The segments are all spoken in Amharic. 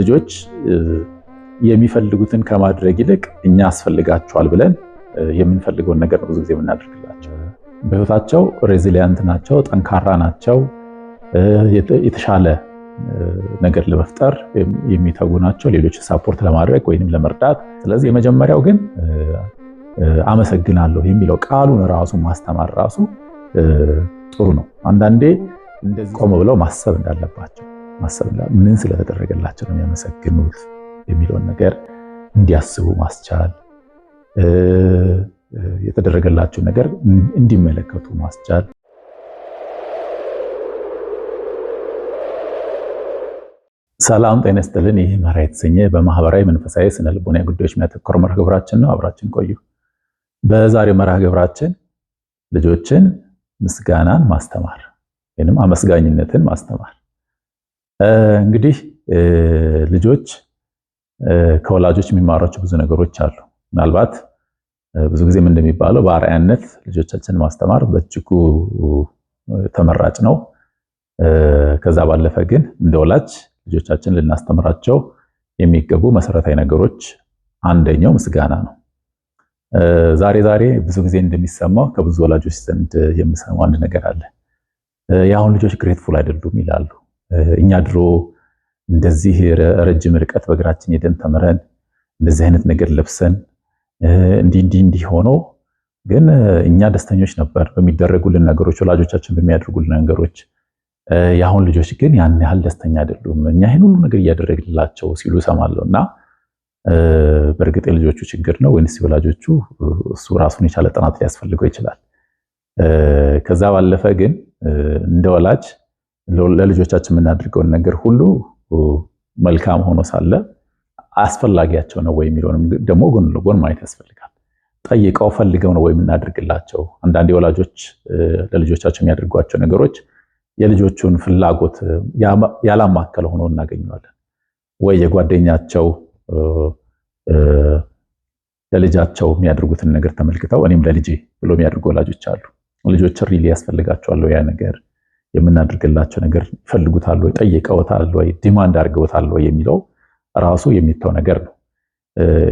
ልጆች የሚፈልጉትን ከማድረግ ይልቅ እኛ አስፈልጋቸዋል ብለን የምንፈልገውን ነገር ነው ብዙ ጊዜ የምናደርግላቸው። በህይወታቸው ሬዚሊያንት ናቸው፣ ጠንካራ ናቸው የተሻለ ነገር ለመፍጠር የሚተጉ ናቸው፣ ሌሎች ሳፖርት ለማድረግ ወይም ለመርዳት። ስለዚህ የመጀመሪያው ግን አመሰግናለሁ የሚለው ቃሉን ራሱ ማስተማር ራሱ ጥሩ ነው። አንዳንዴ እንደዚህ ቆም ብለው ማሰብ እንዳለባቸው ማሰብ ምን ስለተደረገላቸው ነው የሚያመሰግኑት የሚለውን ነገር እንዲያስቡ ማስቻል የተደረገላቸው ነገር እንዲመለከቱ ማስቻል ሰላም ጤና ይስጥልን። ይህ መርሃ የተሰኘ በማህበራዊ መንፈሳዊ ስነ ልቦና ጉዳዮች የሚያተኮር መርሃ ግብራችን ነው። አብራችን ቆዩ። በዛሬው መርሃ ግብራችን ልጆችን ምስጋናን ማስተማር ወይም አመስጋኝነትን ማስተማር። እንግዲህ ልጆች ከወላጆች የሚማሯቸው ብዙ ነገሮች አሉ። ምናልባት ብዙ ጊዜም እንደሚባለው በአርአያነት ልጆቻችን ማስተማር በእጅጉ ተመራጭ ነው። ከዛ ባለፈ ግን እንደ ወላጅ ልጆቻችን ልናስተምራቸው የሚገቡ መሰረታዊ ነገሮች አንደኛው ምስጋና ነው። ዛሬ ዛሬ ብዙ ጊዜ እንደሚሰማው ከብዙ ወላጆች ዘንድ የምሰማው አንድ ነገር አለ። የአሁን ልጆች ግሬትፉል አይደሉም ይላሉ። እኛ ድሮ እንደዚህ ረጅም ርቀት በእግራችን ሄደን ተምረን እንደዚህ አይነት ነገር ለብሰን እንዲህ እንዲህ እንዲህ ሆኖ ግን እኛ ደስተኞች ነበር በሚደረጉልን ነገሮች፣ ወላጆቻችን በሚያደርጉልን ነገሮች የአሁን ልጆች ግን ያን ያህል ደስተኛ አይደሉም፣ እኛ ይህን ሁሉ ነገር እያደረግላቸው ሲሉ እሰማለሁ። እና በእርግጥ የልጆቹ ችግር ነው ወይንስ የወላጆቹ? እሱ ራሱን የቻለ ጥናት ሊያስፈልገው ይችላል። ከዛ ባለፈ ግን እንደ ወላጅ ለልጆቻችን የምናደርገውን ነገር ሁሉ መልካም ሆኖ ሳለ አስፈላጊያቸው ነው ወይ የሚለውንም ደግሞ ጎን ለጎን ማየት ያስፈልጋል። ጠይቀው ፈልገው ነው ወይ የምናደርግላቸው? አንዳንድ ወላጆች ለልጆቻቸው የሚያደርጓቸው ነገሮች የልጆቹን ፍላጎት ያላማከለ ሆኖ እናገኘዋለን። ወይ የጓደኛቸው ለልጃቸው የሚያደርጉትን ነገር ተመልክተው እኔም ለልጄ ብሎ የሚያደርጉ ወላጆች አሉ። ልጆች ሪሊ ያስፈልጋቸዋል ያ ነገር የምናደርግላቸው ነገር ይፈልጉታል ወይ፣ ጠይቀውታል ወይ፣ ዲማንድ አድርገውታል ወይ የሚለው ራሱ የሚተው ነገር ነው።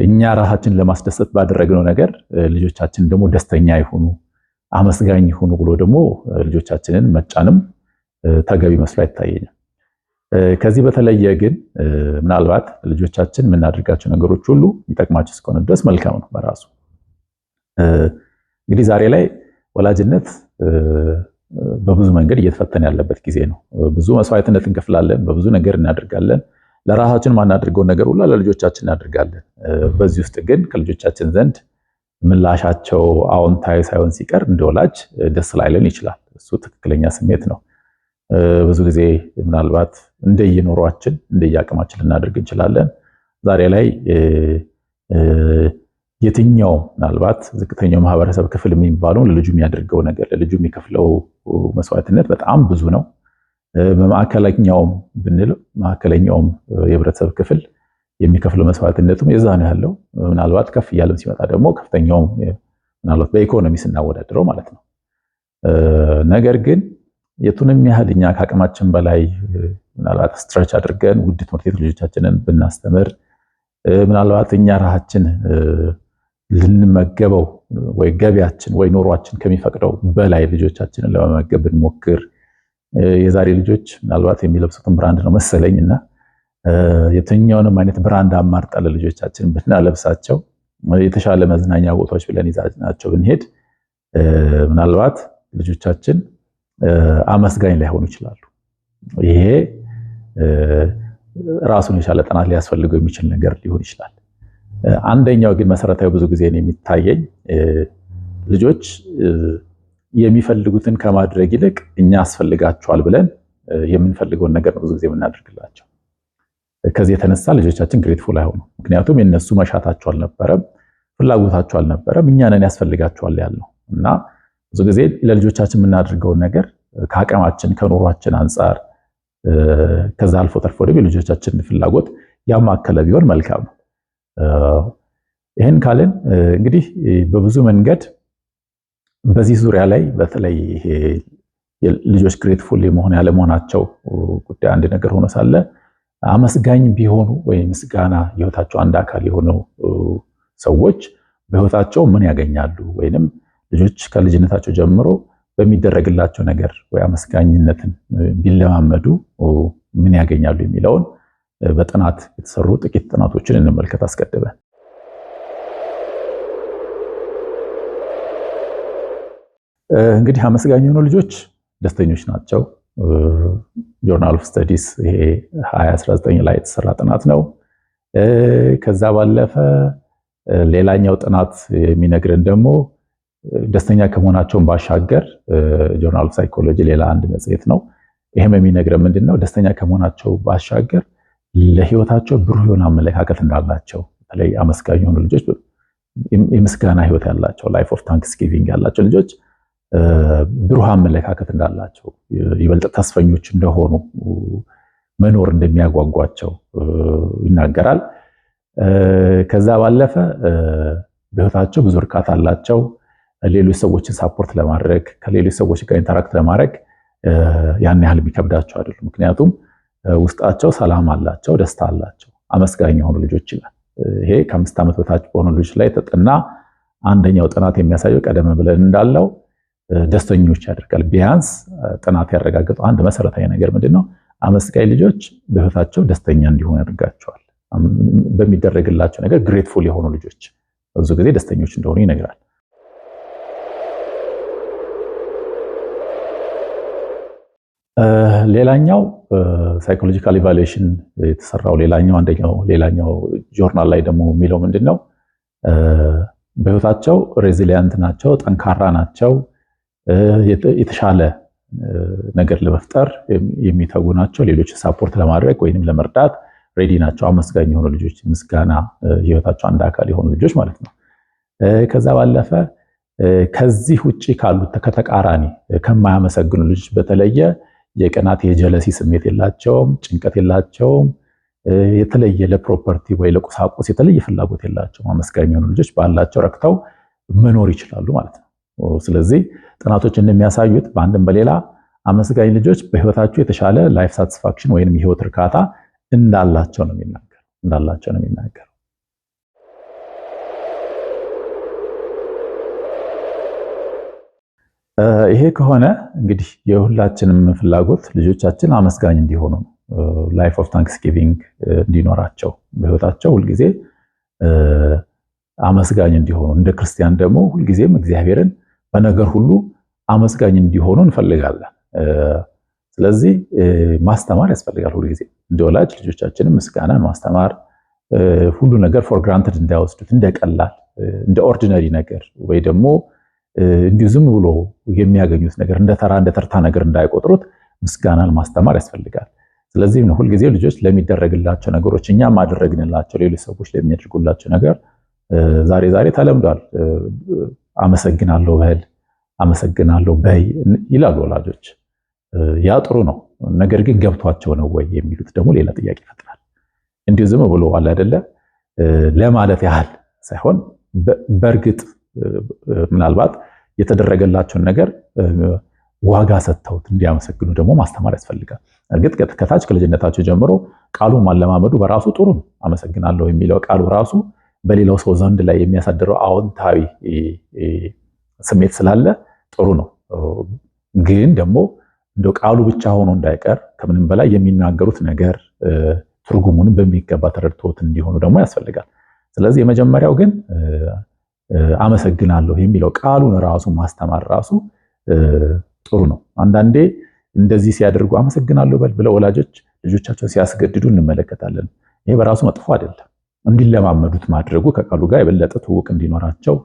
እኛ ራሳችን ለማስደሰት ባደረግነው ነገር ልጆቻችን ደግሞ ደስተኛ ይሁኑ አመስጋኝ ይሁኑ ብሎ ደግሞ ልጆቻችንን መጫንም ተገቢ መስሎ አይታየኝም። ከዚህ በተለየ ግን ምናልባት ልጆቻችን የምናደርጋቸው ነገሮች ሁሉ የሚጠቅማቸው እስከሆነ ድረስ መልካም ነው በራሱ። እንግዲህ ዛሬ ላይ ወላጅነት በብዙ መንገድ እየተፈተነ ያለበት ጊዜ ነው። ብዙ መስዋዕትነት እንከፍላለን፣ በብዙ ነገር እናደርጋለን። ለራሳችን ማናደርገውን ነገር ሁላ ለልጆቻችን እናደርጋለን። በዚህ ውስጥ ግን ከልጆቻችን ዘንድ ምላሻቸው አዎንታዊ ሳይሆን ሲቀር እንደ ወላጅ ደስ ላይለን ይችላል። እሱ ትክክለኛ ስሜት ነው። ብዙ ጊዜ ምናልባት እንደየኖሯችን እንደየአቅማችን ልናደርግ እንችላለን። ዛሬ ላይ የትኛው ምናልባት ዝቅተኛው ማህበረሰብ ክፍል የሚባለው ለልጁ የሚያደርገው ነገር ለልጁ የሚከፍለው መስዋዕትነት በጣም ብዙ ነው። በማዕከለኛውም ብንል ማዕከለኛውም የህብረተሰብ ክፍል የሚከፍለው መስዋዕትነቱም የዛ ነው ያለው። ምናልባት ከፍ እያለም ሲመጣ ደግሞ ከፍተኛውም ምናልባት በኢኮኖሚ ስናወዳድረው ማለት ነው ነገር ግን የቱንም ያህል እኛ ከአቅማችን በላይ ምናልባት ስትረች አድርገን ውድ ትምህርት ቤት ልጆቻችንን ብናስተምር ምናልባት እኛ ራሳችን ልንመገበው ወይ ገቢያችን ወይ ኖሯችን ከሚፈቅደው በላይ ልጆቻችንን ለመመገብ ብንሞክር የዛሬ ልጆች ምናልባት የሚለብሱትን ብራንድ ነው መሰለኝ እና የትኛውንም አይነት ብራንድ አማርጣ ለልጆቻችን ብናለብሳቸው የተሻለ መዝናኛ ቦታዎች ብለን ይዛናቸው ብንሄድ ምናልባት ልጆቻችን አመስጋኝ ላይሆኑ ይችላሉ። ይሄ ራሱን የቻለ ጥናት ሊያስፈልገው የሚችል ነገር ሊሆን ይችላል። አንደኛው ግን መሰረታዊ ብዙ ጊዜ የሚታየኝ ልጆች የሚፈልጉትን ከማድረግ ይልቅ እኛ አስፈልጋቸዋል ብለን የምንፈልገውን ነገር ነው ብዙ ጊዜ የምናደርግላቸው። ከዚህ የተነሳ ልጆቻችን ግሬትፉል አይሆኑም። ምክንያቱም የነሱ መሻታቸው አልነበረም፣ ፍላጎታቸው አልነበረም፣ እኛንን ያስፈልጋቸዋል ያልነው እና ብዙ ጊዜ ለልጆቻችን የምናደርገውን ነገር ከአቅማችን ከኑሯችን አንጻር ከዛ አልፎ ተርፎ ደግሞ የልጆቻችንን ፍላጎት ያማከለ ቢሆን መልካም ነው። ይህን ካልን እንግዲህ በብዙ መንገድ በዚህ ዙሪያ ላይ በተለይ ይሄ ልጆች ግሬትፉል የመሆን ያለመሆናቸው ጉዳይ አንድ ነገር ሆኖ ሳለ አመስጋኝ ቢሆኑ ወይም ምስጋና የህይወታቸው አንድ አካል የሆኑ ሰዎች በህይወታቸው ምን ያገኛሉ ወይንም ልጆች ከልጅነታቸው ጀምሮ በሚደረግላቸው ነገር ወይ አመስጋኝነትን ቢለማመዱ ምን ያገኛሉ የሚለውን በጥናት የተሰሩ ጥቂት ጥናቶችን እንመልከት አስቀድመን እንግዲህ አመስጋኝ የሆኑ ልጆች ደስተኞች ናቸው። ጆርናል ኦፍ ስተዲስ ይሄ 2019 ላይ የተሰራ ጥናት ነው። ከዛ ባለፈ ሌላኛው ጥናት የሚነግረን ደግሞ ደስተኛ ከመሆናቸውን ባሻገር ጆርናል ሳይኮሎጂ ሌላ አንድ መጽሔት ነው። ይህም የሚነግረ ምንድን ነው? ደስተኛ ከመሆናቸው ባሻገር ለህይወታቸው ብሩህ የሆነ አመለካከት እንዳላቸው በተለይ አመስጋኝ የሆኑ ልጆች የምስጋና ህይወት ያላቸው ላይፍ ኦፍ ታንክስ ጊቪንግ ያላቸው ልጆች ብሩህ አመለካከት እንዳላቸው ይበልጥ ተስፈኞች እንደሆኑ መኖር እንደሚያጓጓቸው ይናገራል። ከዛ ባለፈ በህይወታቸው ብዙ እርካታ አላቸው። ሌሎች ሰዎችን ሳፖርት ለማድረግ ከሌሎች ሰዎች ጋር ኢንተራክት ለማድረግ ያን ያህል የሚከብዳቸው አይደሉም። ምክንያቱም ውስጣቸው ሰላም አላቸው፣ ደስታ አላቸው፣ አመስጋኝ የሆኑ ልጆች ይላል። ይሄ ከአምስት ዓመት በታች በሆኑ ልጆች ላይ ተጠና አንደኛው ጥናት የሚያሳየው ቀደም ብለን እንዳለው ደስተኞች ያደርጋል። ቢያንስ ጥናት ያረጋገጠው አንድ መሰረታዊ ነገር ምንድን ነው? አመስጋኝ ልጆች በህይወታቸው ደስተኛ እንዲሆኑ ያደርጋቸዋል። በሚደረግላቸው ነገር ግሬትፉል የሆኑ ልጆች ብዙ ጊዜ ደስተኞች እንደሆኑ ይነግራል። ሌላኛው ሳይኮሎጂካል ኢቫሉዌሽን የተሰራው ሌላኛው አንደኛው ሌላኛው ጆርናል ላይ ደግሞ የሚለው ምንድን ነው? በህይወታቸው ሬዚሊያንት ናቸው፣ ጠንካራ ናቸው፣ የተሻለ ነገር ለመፍጠር የሚተጉ ናቸው፣ ሌሎች ሳፖርት ለማድረግ ወይም ለመርዳት ሬዲ ናቸው። አመስጋኝ የሆኑ ልጆች፣ ምስጋና ህይወታቸው አንድ አካል የሆኑ ልጆች ማለት ነው። ከዛ ባለፈ ከዚህ ውጭ ካሉት ከተቃራኒ ከማያመሰግኑ ልጆች በተለየ የቅናት የጀለሲ ስሜት የላቸውም፣ ጭንቀት የላቸውም። የተለየ ለፕሮፐርቲ ወይ ለቁሳቁስ የተለየ ፍላጎት የላቸው። አመስጋኝ የሆኑ ልጆች ባላቸው ረክተው መኖር ይችላሉ ማለት ነው። ስለዚህ ጥናቶች እንደሚያሳዩት በአንድም በሌላ አመስጋኝ ልጆች በህይወታቸው የተሻለ ላይፍ ሳቲስፋክሽን ወይም የህይወት እርካታ እንዳላቸው ነው የሚናገር እንዳላቸው ነው የሚናገር ይሄ ከሆነ እንግዲህ የሁላችንም ፍላጎት ልጆቻችን አመስጋኝ እንዲሆኑ ላይፍ ኦፍ ታንክስጊቪንግ እንዲኖራቸው በህይወታቸው ሁልጊዜ አመስጋኝ እንዲሆኑ እንደ ክርስቲያን ደግሞ ሁልጊዜም እግዚአብሔርን በነገር ሁሉ አመስጋኝ እንዲሆኑ እንፈልጋለን። ስለዚህ ማስተማር ያስፈልጋል። ሁልጊዜ እንደ ወላጅ ልጆቻችንም ምስጋናን ማስተማር ሁሉ ነገር ፎር ግራንትድ እንዳይወስዱት እንደቀላል እንደ ኦርዲነሪ ነገር ወይ ደግሞ እንዲሁ ዝም ብሎ የሚያገኙት ነገር እንደ ተራ እንደ ተርታ ነገር እንዳይቆጥሩት ምስጋናን ማስተማር ያስፈልጋል። ስለዚህ ነው ሁልጊዜ ልጆች ለሚደረግላቸው ነገሮች እኛ ማደረግንላቸው ሌሎች ሰዎች ለሚያደርጉላቸው ነገር ዛሬ ዛሬ ተለምዷል። አመሰግናለሁ በል፣ አመሰግናለሁ በይ ይላሉ ወላጆች። ያ ጥሩ ነው። ነገር ግን ገብቷቸው ነው ወይ የሚሉት ደግሞ ሌላ ጥያቄ ይፈጥራል። እንዲሁ ዝም ብሎ አለ አይደለ ለማለት ያህል ሳይሆን በእርግጥ ምናልባት የተደረገላቸውን ነገር ዋጋ ሰጥተውት እንዲያመሰግኑ ደግሞ ማስተማር ያስፈልጋል። እርግጥ ከታች ከልጅነታቸው ጀምሮ ቃሉ ማለማመዱ በራሱ ጥሩ ነው። አመሰግናለሁ የሚለው ቃሉ ራሱ በሌላው ሰው ዘንድ ላይ የሚያሳድረው አዎንታዊ ስሜት ስላለ ጥሩ ነው። ግን ደግሞ እንደ ቃሉ ብቻ ሆኖ እንዳይቀር ከምንም በላይ የሚናገሩት ነገር ትርጉሙንም በሚገባ ተረድቶት እንዲሆኑ ደግሞ ያስፈልጋል። ስለዚህ የመጀመሪያው ግን አመሰግናለሁ የሚለው ቃሉን ራሱ ማስተማር ራሱ ጥሩ ነው። አንዳንዴ እንደዚህ ሲያደርጉ አመሰግናለሁ በል ብለው ወላጆች ልጆቻቸውን ሲያስገድዱ እንመለከታለን። ይሄ በራሱ መጥፎ አይደለም። እንዲለማመዱት ማድረጉ ከቃሉ ጋር የበለጠ ትውውቅ እንዲኖራቸው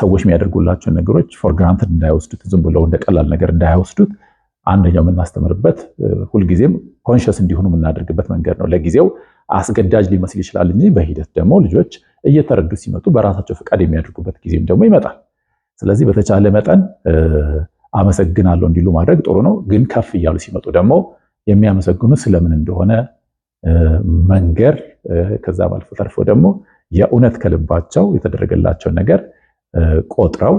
ሰዎች የሚያደርጉላቸው ነገሮች ፎር ግራንትድ እንዳይወስዱት፣ ዝም ብለው እንደ ቀላል ነገር እንዳይወስዱት አንደኛው የምናስተምርበት ሁልጊዜም ኮንሽስ እንዲሆኑ የምናደርግበት መንገድ ነው ለጊዜው አስገዳጅ ሊመስል ይችላል እንጂ በሂደት ደግሞ ልጆች እየተረዱ ሲመጡ በራሳቸው ፈቃድ የሚያደርጉበት ጊዜም ደግሞ ይመጣል። ስለዚህ በተቻለ መጠን አመሰግናለሁ እንዲሉ ማድረግ ጥሩ ነው። ግን ከፍ እያሉ ሲመጡ ደግሞ የሚያመሰግኑ ስለምን እንደሆነ መንገር፣ ከዛ ባልፎ ተርፎ ደግሞ የእውነት ከልባቸው የተደረገላቸውን ነገር ቆጥረው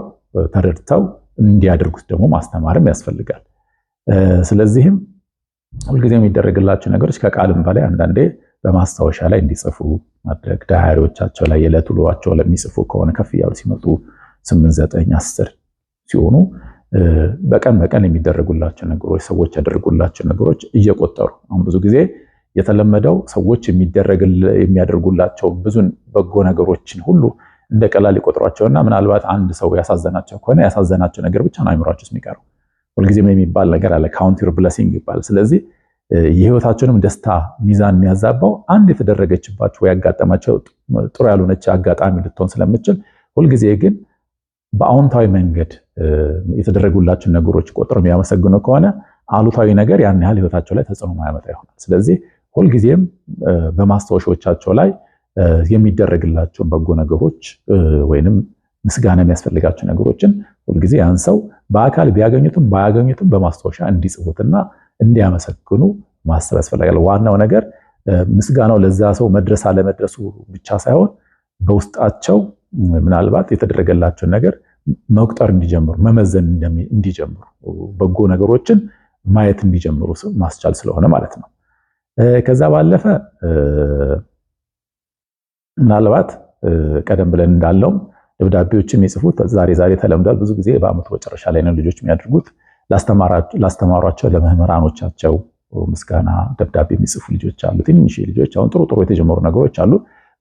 ተረድተው እንዲያደርጉት ደግሞ ማስተማርም ያስፈልጋል። ስለዚህም ሁልጊዜ የሚደረግላቸው ነገሮች ከቃልም በላይ አንዳንዴ በማስታወሻ ላይ እንዲጽፉ ማድረግ ዳያሪዎቻቸው ላይ የዕለት ውሏቸው ለሚጽፉ ከሆነ ከፍ እያሉ ሲመጡ ስምንት ዘጠኝ አስር ሲሆኑ በቀን በቀን የሚደረጉላቸው ነገሮች ሰዎች ያደርጉላቸው ነገሮች እየቆጠሩ አሁን ብዙ ጊዜ የተለመደው ሰዎች የሚያደርጉላቸው ብዙ በጎ ነገሮችን ሁሉ እንደ ቀላል ይቆጥሯቸውና ምናልባት አንድ ሰው ያሳዘናቸው ከሆነ ያሳዘናቸው ነገር ብቻ ነው አይምሯቸው የሚቀረው። ሁልጊዜም የሚባል ነገር አለ፣ ካውንት ዩር ብለሲንግ ይባላል። ስለዚህ የህይወታቸውንም ደስታ ሚዛን የሚያዛባው አንድ የተደረገችባቸው ወይ ያጋጠማቸው ጥሩ ያልሆነች አጋጣሚ ልትሆን ስለምችል ሁልጊዜ ግን በአዎንታዊ መንገድ የተደረጉላቸውን ነገሮች ቆጥሮ የሚያመሰግኑ ከሆነ አሉታዊ ነገር ያን ያህል ህይወታቸው ላይ ተጽዕኖ ማያመጣ ይሆናል። ስለዚህ ሁልጊዜም በማስታወሻዎቻቸው ላይ የሚደረግላቸውን በጎ ነገሮች ወይንም ምስጋና የሚያስፈልጋቸው ነገሮችን ሁልጊዜ ያን ሰው በአካል ቢያገኙትም ባያገኙትም በማስታወሻ እንዲጽፉትና እንዲያመሰግኑ ማሰብ ያስፈልጋል። ዋናው ነገር ምስጋናው ለዛ ሰው መድረስ አለመድረሱ ብቻ ሳይሆን በውስጣቸው ምናልባት የተደረገላቸውን ነገር መቁጠር እንዲጀምሩ፣ መመዘን እንዲጀምሩ፣ በጎ ነገሮችን ማየት እንዲጀምሩ ማስቻል ስለሆነ ማለት ነው። ከዛ ባለፈ ምናልባት ቀደም ብለን እንዳለውም ደብዳቤዎችም የጽፉት ዛሬ ዛሬ ተለምዷል። ብዙ ጊዜ በአመቱ መጨረሻ ላይ ነው ልጆች የሚያደርጉት። ላስተማሯቸው ለመምህራኖቻቸው ምስጋና ደብዳቤ የሚጽፉ ልጆች አሉ። ትንሽ ልጆች አሁን ጥሩ ጥሩ የተጀመሩ ነገሮች አሉ።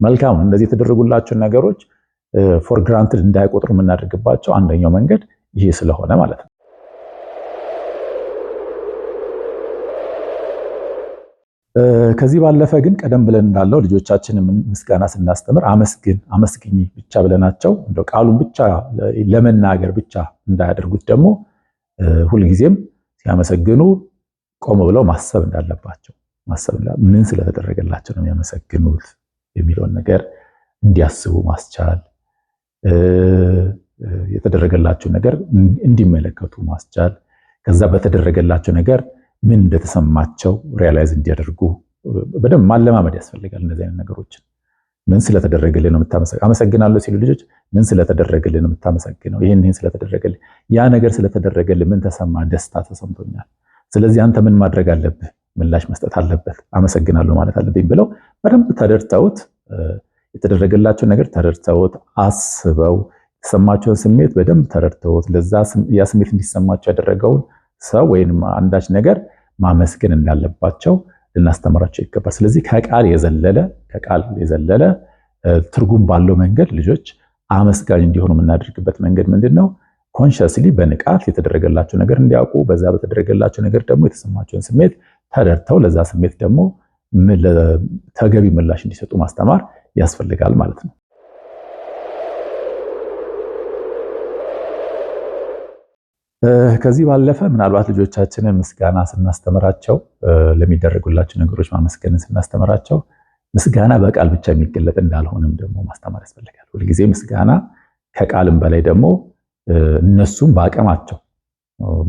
መልካም እንደዚህ የተደረጉላቸውን ነገሮች ፎር ግራንትድ እንዳይቆጥሩ የምናደርግባቸው አንደኛው መንገድ ይሄ ስለሆነ ማለት ነው። ከዚህ ባለፈ ግን ቀደም ብለን እንዳለው ልጆቻችን ምስጋና ስናስተምር አመስግን አመስግኝ ብቻ ብለናቸው እንደው ቃሉን ብቻ ለመናገር ብቻ እንዳያደርጉት ደግሞ ሁልጊዜም ሲያመሰግኑ ቆም ብለው ማሰብ እንዳለባቸው ማሰብ ምን ስለተደረገላቸው ነው የሚያመሰግኑት የሚለውን ነገር እንዲያስቡ ማስቻል፣ የተደረገላቸው ነገር እንዲመለከቱ ማስቻል፣ ከዛ በተደረገላቸው ነገር ምን እንደተሰማቸው ሪያላይዝ እንዲያደርጉ በደንብ ማለማመድ ያስፈልጋል። እነዚህ አይነት ነገሮችን ምን ስለተደረገልህ ነው የምታመሰግነው? አመሰግናለሁ ሲሉ ልጆች ምን ስለተደረገልህ ነው የምታመሰግነው? ይህን ይህን ስለተደረገልህ፣ ያ ነገር ስለተደረገልህ ምን ተሰማ? ደስታ ተሰምቶኛል። ስለዚህ አንተ ምን ማድረግ አለብህ? ምላሽ መስጠት አለበት። አመሰግናለሁ ማለት አለብኝ ብለው በደንብ ተደርተውት የተደረገላቸውን ነገር ተረድተውት አስበው የተሰማቸውን ስሜት በደንብ ተረድተውት ለዛ ያ ስሜት እንዲሰማቸው ያደረገውን ሰው ወይም አንዳች ነገር ማመስገን እንዳለባቸው ልናስተምራቸው ይገባል። ስለዚህ ከቃል የዘለለ ከቃል የዘለለ ትርጉም ባለው መንገድ ልጆች አመስጋኝ እንዲሆኑ የምናደርግበት መንገድ ምንድን ነው? ኮንሽስሊ በንቃት የተደረገላቸው ነገር እንዲያውቁ፣ በዛ በተደረገላቸው ነገር ደግሞ የተሰማቸውን ስሜት ተረድተው ለዛ ስሜት ደግሞ ተገቢ ምላሽ እንዲሰጡ ማስተማር ያስፈልጋል ማለት ነው። ከዚህ ባለፈ ምናልባት ልጆቻችንን ምስጋና ስናስተምራቸው ለሚደረጉላቸው ነገሮች ማመስገንን ስናስተምራቸው ምስጋና በቃል ብቻ የሚገለጥ እንዳልሆነም ደግሞ ማስተማር ያስፈልጋል። ሁልጊዜ ምስጋና ከቃልም በላይ ደግሞ እነሱም በአቅማቸው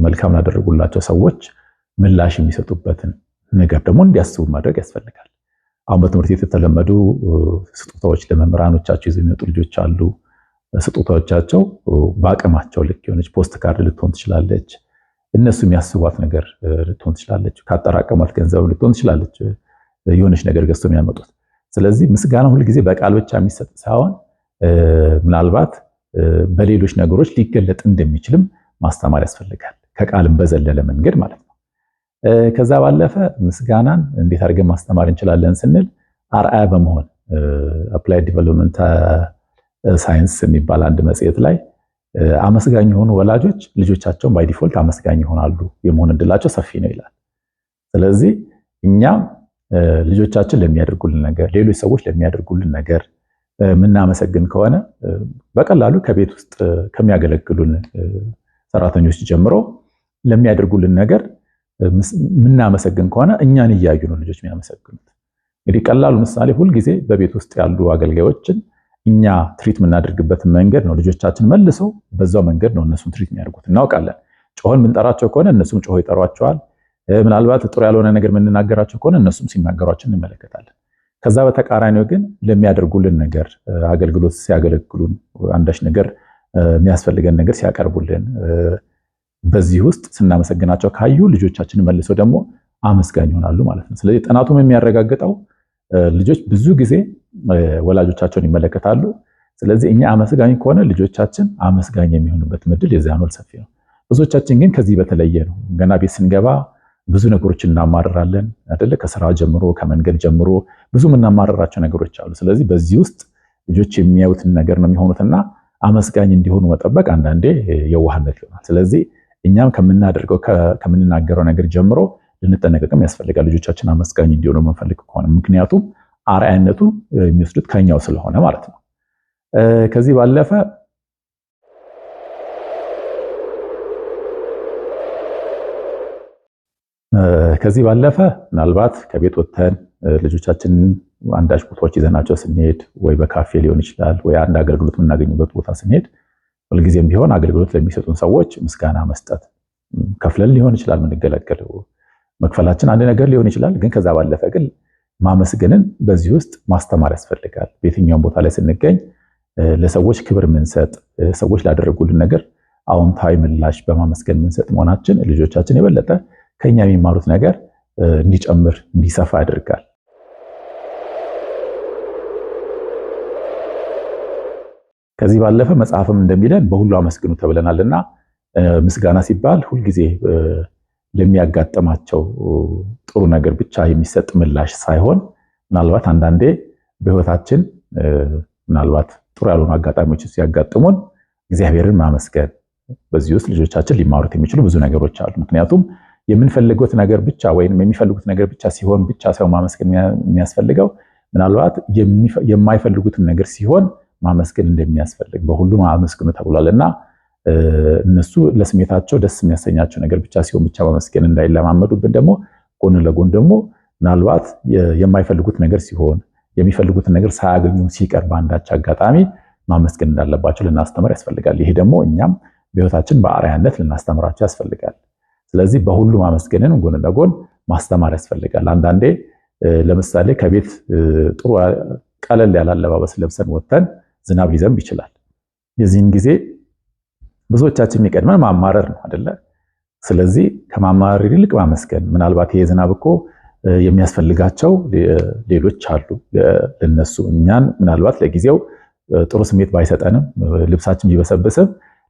መልካም ላደረጉላቸው ሰዎች ምላሽ የሚሰጡበትን ነገር ደግሞ እንዲያስቡ ማድረግ ያስፈልጋል። አሁን በትምህርት የተለመዱ ስጦታዎች ለመምህራኖቻቸው ይዘው የሚወጡ ልጆች አሉ። ስጦታዎቻቸው በአቅማቸው ልክ የሆነች ፖስት ካርድ ልትሆን ትችላለች። እነሱ የሚያስቧት ነገር ልትሆን ትችላለች። ካጠራቀሟት ገንዘብ ልትሆን ትችላለች። የሆነች ነገር ገዝቶ የሚያመጡት። ስለዚህ ምስጋና ሁልጊዜ በቃል ብቻ የሚሰጥ ሳይሆን ምናልባት በሌሎች ነገሮች ሊገለጥ እንደሚችልም ማስተማር ያስፈልጋል። ከቃልም በዘለለ መንገድ ማለት ነው። ከዛ ባለፈ ምስጋናን እንዴት አድርገን ማስተማር እንችላለን ስንል አርአያ በመሆን አፕላይድ ዲቨሎፕመንት ሳይንስ የሚባል አንድ መጽሔት ላይ አመስጋኝ የሆኑ ወላጆች ልጆቻቸውን ባይ ዲፎልት አመስጋኝ ይሆናሉ የመሆን እድላቸው ሰፊ ነው ይላል። ስለዚህ እኛም ልጆቻችን ለሚያደርጉልን ነገር፣ ሌሎች ሰዎች ለሚያደርጉልን ነገር የምናመሰግን ከሆነ በቀላሉ ከቤት ውስጥ ከሚያገለግሉን ሰራተኞች ጀምሮ ለሚያደርጉልን ነገር የምናመሰግን ከሆነ እኛን እያዩ ነው ልጆች የሚያመሰግኑት። እንግዲህ ቀላሉ ምሳሌ ሁልጊዜ በቤት ውስጥ ያሉ አገልጋዮችን እኛ ትሪት የምናደርግበት መንገድ ነው ልጆቻችን መልሰው በዛው መንገድ ነው እነሱን ትሪት የሚያደርጉት እናውቃለን። ጮሆን የምንጠራቸው ከሆነ እነሱም ጮሆ ይጠሯቸዋል። ምናልባት ጥሩ ያልሆነ ነገር የምንናገራቸው ከሆነ እነሱም ሲናገሯቸው እንመለከታለን። ከዛ በተቃራኒው ግን ለሚያደርጉልን ነገር አገልግሎት ሲያገለግሉን አንዳች ነገር የሚያስፈልገን ነገር ሲያቀርቡልን በዚህ ውስጥ ስናመሰግናቸው ካዩ ልጆቻችንን መልሰው ደግሞ አመስጋኝ ይሆናሉ ማለት ነው። ስለዚህ ጥናቱም የሚያረጋግጠው ልጆች ብዙ ጊዜ ወላጆቻቸውን ይመለከታሉ። ስለዚህ እኛ አመስጋኝ ከሆነ ልጆቻችን አመስጋኝ የሚሆኑበት ምድል የዚያን ሰፊ ነው። ብዙዎቻችን ግን ከዚህ በተለየ ነው። ገና ቤት ስንገባ ብዙ ነገሮችን እናማርራለን አይደለ? ከስራ ጀምሮ ከመንገድ ጀምሮ ብዙ የምናማርራቸው ነገሮች አሉ። ስለዚህ በዚህ ውስጥ ልጆች የሚያዩትን ነገር ነው የሚሆኑትና አመስጋኝ እንዲሆኑ መጠበቅ አንዳንዴ የዋህነት ይሆናል። ስለዚህ እኛም ከምናደርገው ከምንናገረው ነገር ጀምሮ ልንጠነቀቅም ያስፈልጋል። ልጆቻችን አመስጋኝ እንዲሆኑ መፈልግ ከሆነ ምክንያቱም አርአያነቱን የሚወስዱት ከኛው ስለሆነ ማለት ነው። ከዚህ ባለፈ ከዚህ ባለፈ ምናልባት ከቤት ወጥተን ልጆቻችንን አንዳች ቦታዎች ይዘናቸው ስንሄድ ወይ በካፌ ሊሆን ይችላል ወይ አንድ አገልግሎት የምናገኝበት ቦታ ስንሄድ ሁልጊዜም ቢሆን አገልግሎት ለሚሰጡን ሰዎች ምስጋና መስጠት ከፍለን ሊሆን ይችላል። የምንገለገለው መክፈላችን አንድ ነገር ሊሆን ይችላል። ግን ከዛ ባለፈ ግን ማመስገንን በዚህ ውስጥ ማስተማር ያስፈልጋል። በየትኛውም ቦታ ላይ ስንገኝ ለሰዎች ክብር ምንሰጥ፣ ሰዎች ላደረጉልን ነገር አዎንታዊ ምላሽ በማመስገን ምንሰጥ መሆናችን ልጆቻችን የበለጠ ከኛ የሚማሩት ነገር እንዲጨምር እንዲሰፋ ያደርጋል። ከዚህ ባለፈ መጽሐፍም እንደሚለን በሁሉ አመስግኑ ተብለናልና ምስጋና ሲባል ሁልጊዜ ለሚያጋጥማቸው ጥሩ ነገር ብቻ የሚሰጥ ምላሽ ሳይሆን ምናልባት አንዳንዴ በህይወታችን ምናልባት ጥሩ ያልሆኑ አጋጣሚዎች ሲያጋጥሙን እግዚአብሔርን ማመስገን በዚህ ውስጥ ልጆቻችን ሊማሩት የሚችሉ ብዙ ነገሮች አሉ። ምክንያቱም የምንፈልጉት ነገር ብቻ ወይም የሚፈልጉት ነገር ብቻ ሲሆን ብቻ ሳይሆን ማመስገን የሚያስፈልገው ምናልባት የማይፈልጉትም ነገር ሲሆን ማመስገን እንደሚያስፈልግ በሁሉም አመስግኑ ተብሏል እና እነሱ ለስሜታቸው ደስ የሚያሰኛቸው ነገር ብቻ ሲሆን ብቻ በመስገን እንዳይለማመዱብን ደግሞ ጎን ለጎን ደግሞ ምናልባት የማይፈልጉት ነገር ሲሆን የሚፈልጉትን ነገር ሳያገኙም ሲቀር በአንዳች አጋጣሚ ማመስገን እንዳለባቸው ልናስተምር ያስፈልጋል። ይሄ ደግሞ እኛም በህይወታችን በአርያነት ልናስተምራቸው ያስፈልጋል። ስለዚህ በሁሉ ማመስገንን ጎን ለጎን ማስተማር ያስፈልጋል። አንዳንዴ ለምሳሌ ከቤት ጥሩ ቀለል ያለ አለባበስ ለብሰን ወጥተን ዝናብ ሊዘንብ ይችላል። የዚህን ጊዜ ብዙዎቻችን የሚቀድመን ማማረር ነው አደለ? ስለዚህ ከማማረር ይልቅ ማመስገን። ምናልባት ይሄ ዝናብ እኮ የሚያስፈልጋቸው ሌሎች አሉ። ለነሱ እኛን ምናልባት ለጊዜው ጥሩ ስሜት ባይሰጠንም ልብሳችን ቢበሰብስም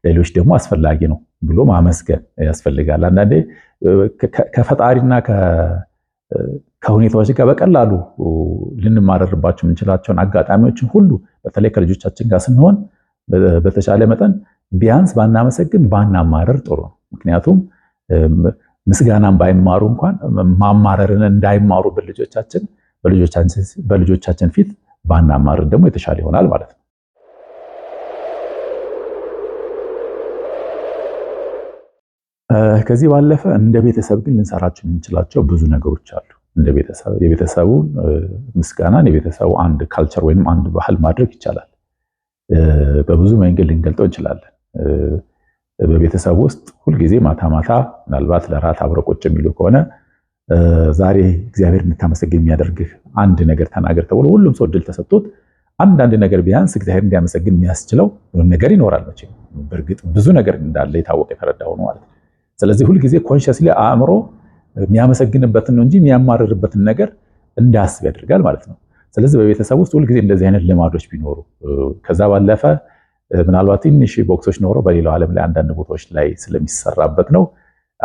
ሌሎች ደግሞ አስፈላጊ ነው ብሎ ማመስገን ያስፈልጋል። አንዳንዴ ከፈጣሪና ከሁኔታዎች ጋር በቀላሉ ልንማረርባቸው የምንችላቸውን አጋጣሚዎችን ሁሉ በተለይ ከልጆቻችን ጋር ስንሆን በተቻለ መጠን ቢያንስ ባናመሰግን ባናማረር ጥሩ ነው። ምክንያቱም ምስጋናን ባይማሩ እንኳን ማማረርን እንዳይማሩ በልጆቻችን በልጆቻችን ፊት ባናማረር ደግሞ የተሻለ ይሆናል ማለት ነው። ከዚህ ባለፈ እንደ ቤተሰብ ግን ልንሰራቸው የምንችላቸው ብዙ ነገሮች አሉ። እንደ ቤተሰብ የቤተሰቡ ምስጋናን የቤተሰቡ አንድ ካልቸር ወይም አንድ ባህል ማድረግ ይቻላል። በብዙ መንገድ ልንገልጠው እንችላለን። በቤተሰብ ውስጥ ሁልጊዜ ማታ ማታ ምናልባት ለራት አብረው ቁጭ የሚሉ ከሆነ ዛሬ እግዚአብሔር እንድታመሰግን የሚያደርግህ አንድ ነገር ተናገር ተብሎ ሁሉም ሰው እድል ተሰጥቶት አንዳንድ ነገር ቢያንስ እግዚአብሔር እንዲያመሰግን የሚያስችለው ነገር ይኖራል። መቼ በእርግጥ ብዙ ነገር እንዳለ የታወቀ የተረዳ ሆኖ ማለት ነው። ስለዚህ ሁልጊዜ ኮንሽስሊ አእምሮ የሚያመሰግንበትን ነው እንጂ የሚያማርርበትን ነገር እንዳያስብ ያደርጋል ማለት ነው። ስለዚህ በቤተሰብ ውስጥ ሁልጊዜ እንደዚህ አይነት ልማዶች ቢኖሩ ከዛ ባለፈ ምናልባት ትንሽ ቦክሶች ኖሮ በሌላው ዓለም ላይ አንዳንድ ቦታዎች ላይ ስለሚሰራበት ነው።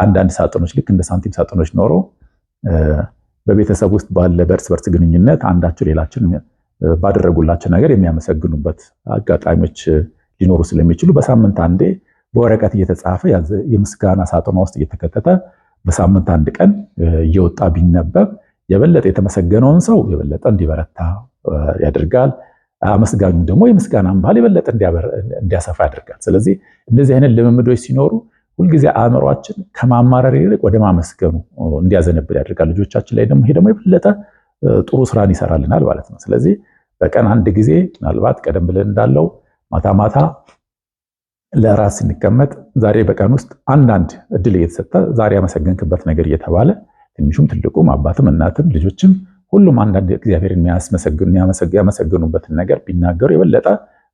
አንዳንድ ሳጥኖች ልክ እንደ ሳንቲም ሳጥኖች ኖሮ በቤተሰብ ውስጥ ባለ በእርስ በርስ ግንኙነት አንዳቸው ሌላችን ባደረጉላቸው ነገር የሚያመሰግኑበት አጋጣሚዎች ሊኖሩ ስለሚችሉ በሳምንት አንዴ በወረቀት እየተጻፈ የምስጋና ሳጥኗ ውስጥ እየተከተተ በሳምንት አንድ ቀን እየወጣ ቢነበብ የበለጠ የተመሰገነውን ሰው የበለጠ እንዲበረታ ያደርጋል። አመስጋኙ ደግሞ የምስጋናን ባህል የበለጠ እንዲያሰፋ ያደርጋል። ስለዚህ እንደዚህ አይነት ልምምዶች ሲኖሩ ሁልጊዜ አእምሯችን ከማማረር ይልቅ ወደ ማመስገኑ እንዲያዘነብል ያደርጋል። ልጆቻችን ላይ ደግሞ ይሄ ደግሞ የበለጠ ጥሩ ስራን ይሰራልናል ማለት ነው። ስለዚህ በቀን አንድ ጊዜ ምናልባት ቀደም ብለን እንዳለው ማታ ማታ ለራስ ስንቀመጥ ዛሬ በቀን ውስጥ አንዳንድ እድል እየተሰጠ ዛሬ ያመሰገንክበት ነገር እየተባለ ትንሹም ትልቁም አባትም እናትም ልጆችም ሁሉም አንዳንድ እግዚአብሔር ያመሰግኑበትን ነገር ቢናገሩ የበለጠ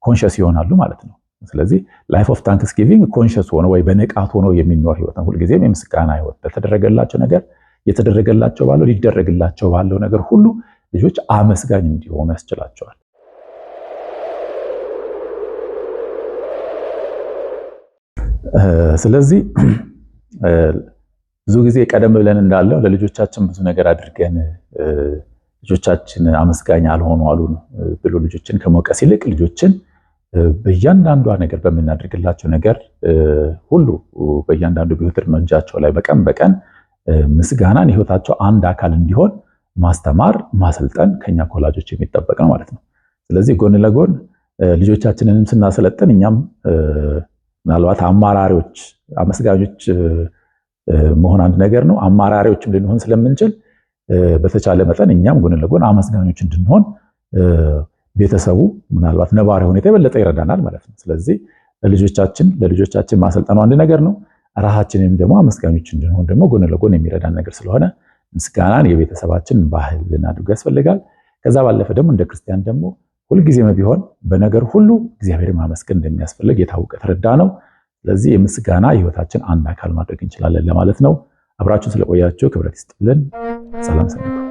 ኮንሸስ ይሆናሉ ማለት ነው። ስለዚህ ላይፍ ኦፍ ታንክስ ጊቪንግ ኮንሸስ ሆኖ ወይ በንቃት ሆኖ የሚኖር ህይወት ነው። ሁልጊዜም የምስጋና ህይወት በተደረገላቸው ነገር የተደረገላቸው ባለው ሊደረግላቸው ባለው ነገር ሁሉ ልጆች አመስጋኝ እንዲሆኑ ያስችላቸዋል። ስለዚህ ብዙ ጊዜ ቀደም ብለን እንዳለው ለልጆቻችን ብዙ ነገር አድርገን ልጆቻችን አመስጋኝ አልሆኑ አሉን ብሎ ልጆችን ከመውቀስ ይልቅ ልጆችን በእያንዳንዷ ነገር በምናደርግላቸው ነገር ሁሉ በእያንዳንዱ በሕይወት እርምጃቸው ላይ በቀን በቀን ምስጋናን የህይወታቸው አንድ አካል እንዲሆን ማስተማር ማሰልጠን ከኛ ከወላጆች የሚጠበቅ ነው ማለት ነው። ስለዚህ ጎን ለጎን ልጆቻችንንም ስናሰለጥን እኛም ምናልባት አማራሪዎች፣ አመስጋኞች መሆን አንድ ነገር ነው። አማራሪዎችም ልንሆን ስለምንችል በተቻለ መጠን እኛም ጎን ለጎን አመስጋኞች እንድንሆን ቤተሰቡ ምናልባት ነባሪ ሁኔታ የበለጠ ይረዳናል ማለት ነው። ስለዚህ ለልጆቻችን ለልጆቻችን ማሰልጠኑ አንድ ነገር ነው። ራሳችንም ደግሞ አመስጋኞች እንድንሆን ደግሞ ጎን ለጎን የሚረዳን ነገር ስለሆነ ምስጋናን የቤተሰባችን ባህል ልናድርጉ ያስፈልጋል። ከዛ ባለፈ ደግሞ እንደ ክርስቲያን ደግሞ ሁልጊዜም ቢሆን በነገር ሁሉ እግዚአብሔር ማመስገን እንደሚያስፈልግ የታወቀ ተረዳ ነው። ስለዚህ የምስጋና የህይወታችን አንድ አካል ማድረግ እንችላለን ለማለት ነው። አብራችሁ ስለቆያችሁ ክብረት ይስጥልን። ሰላም ሰንብቱ።